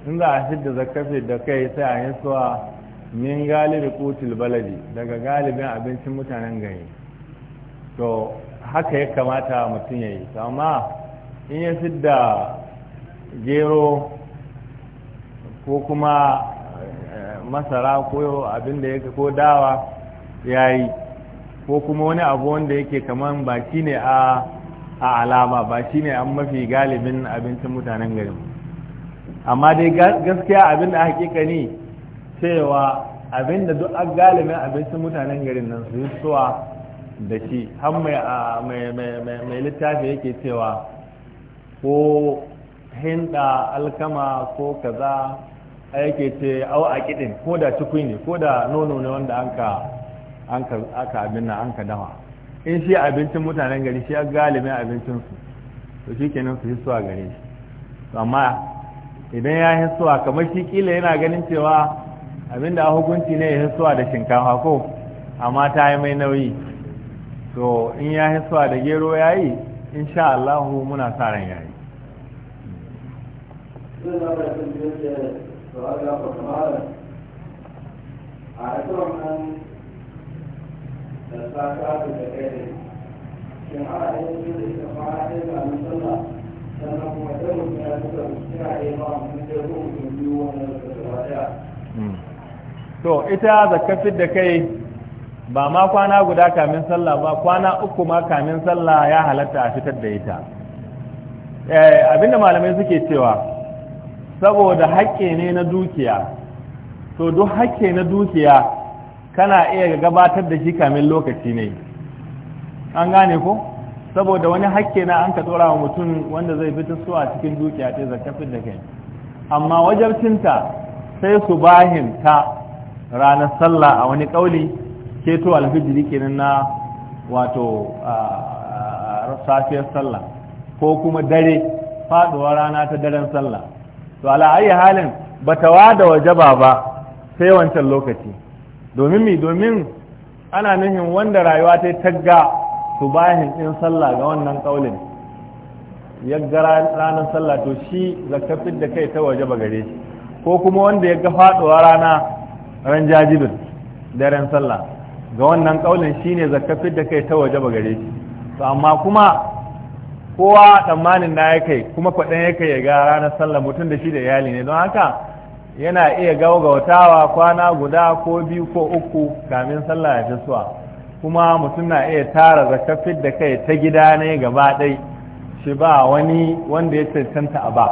in za a fidda zakafi da kai sai a yi suwa min galibi kutul baladi daga galibin abincin mutanen gari to haka ya kamata mutum ya yi amma in ya fidda gero ko kuma eh, masara ko abinda ya ko dawa ya yi ko kuma wani abu wanda yake kaman ba shi ne a alama ba shi ne an mafi galibin abincin mutanen garin amma dai gaskiya abin da hakika ne cewa abin da duk galibin abincin mutanen garin nan su yi suwa da shi har mai littafi yake cewa ko hinda alkama ko kaza a yake ce au a kiɗin ko da tukuni ko da nono ne wanda an ka an ka aka abin nan an ka dawa in shi abincin mutanen gari shi ya galibin abincinsu to shi kenan su hisuwa gare shi amma idan ya hisuwa kamar shi kila yana ganin cewa abinda a hukunci ne ya hisuwa da shinkafa ko amma ta yi mai nauyi to in ya hisuwa da gero ya yi sha Allah muna sa ran ya yi a da saka da kai shin ana yin su da ita ba a yi ga musalla sannan kuma ta mutum ya suka kira ya ma mutum da ko mutum biyu wannan da ta daya hmm. to ita zakafin da kai ba ma kwana guda kamin sallah ba kwana uku ma kamin sallah ya halatta a fitar da ita eh, abinda malamai suke cewa saboda haƙƙi ne na dukiya to duk haƙƙi na dukiya kana iya gabatar da shi kamin lokaci ne an gane ko saboda wani hakke na an ka tsora wa mutum wanda zai fita su a cikin dukiya ta zakafin da kai amma wajabcinta sai su bahinta ranar sallah a wani kauli ceto alfijiri kenan na wato safiyar sallah ko kuma dare faduwa rana ta daren sallah to ala ayi halin bata wada wajaba ba sai wancan lokaci domin mi domin ana nufin wanda rayuwa ta tagga su bayan ɗin sallah ga wannan ƙaunin ya ga ranar sallah to shi zakafin da kai ta waje gare shi ko kuma wanda ya ga faɗuwa rana ran jajibin daren sallah ga wannan ƙaunin shi ne zakafin da kai ta waje gare shi to amma kuma kowa tsammanin na ya kai kuma kwaɗan ya kai ya ga ranar sallah mutum da shi da iyali ne don haka yana iya gaugautawa kwana guda ko biyu ko uku kamin sallah ya tasowa kuma mutum na iya tara zakafin da kai ta gida ne gaba ɗai shi ba wani wanda ya cancanta a ba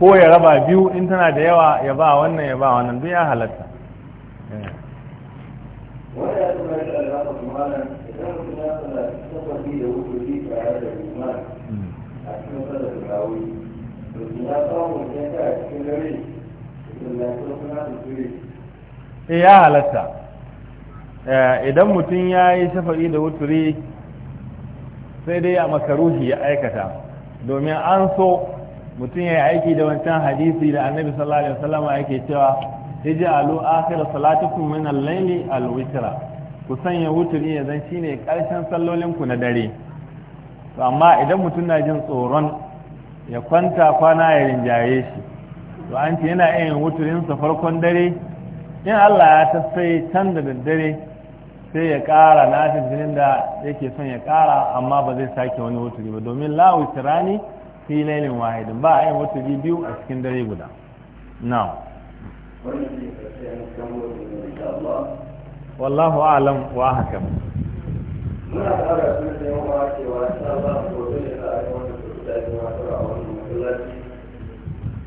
ko ya raba biyu in tana da yawa ya ba wannan ya ba wannan duk ya halatta a cikin Eh, ya halatta eh, idan mutum ya yi shafa'i da wuturi sai dai a makaruhi ya aikata domin an so mutum ya yi aiki da wancan hadisi da annabi sallallahu alaihi wasallam yake cewa ya ji akhir salatikum min al-layli al-witra ku sanya wuturi ya zan shine karshen sallolin ku na dare to amma idan mutum na jin tsoron ya kwanta kwana ya rinjaye shi to an ce yana yin wuturinsa farkon dare in Allah ya ta sai can da daddare sai ya kara na jinin da yake son ya kara amma ba zai sake wani wuturi ba domin la wuturani fi lailin wahidin ba a yin wuturi biyu a cikin dare guda now wallahu alam wa hakam muna fara sun sayan wa cewa ta ba ko zai sa a yi wani a wani masallaci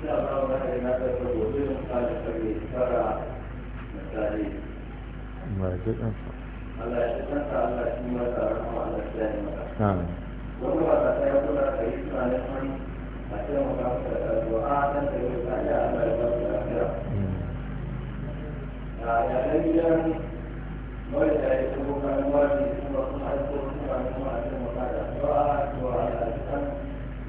Right, good answer. Allah ya kanta Allah shi mata rahama Allah ya yi mata. Amin. Wani ba ta kai kula da yi tunanin hannu a cikin makamta da du'a dan da yau ta yi Allah ya ba su lafiya. Ya ya dan gidan wani da ya yi kuma kan wani kuma kuma a cikin makamta da du'a du'a da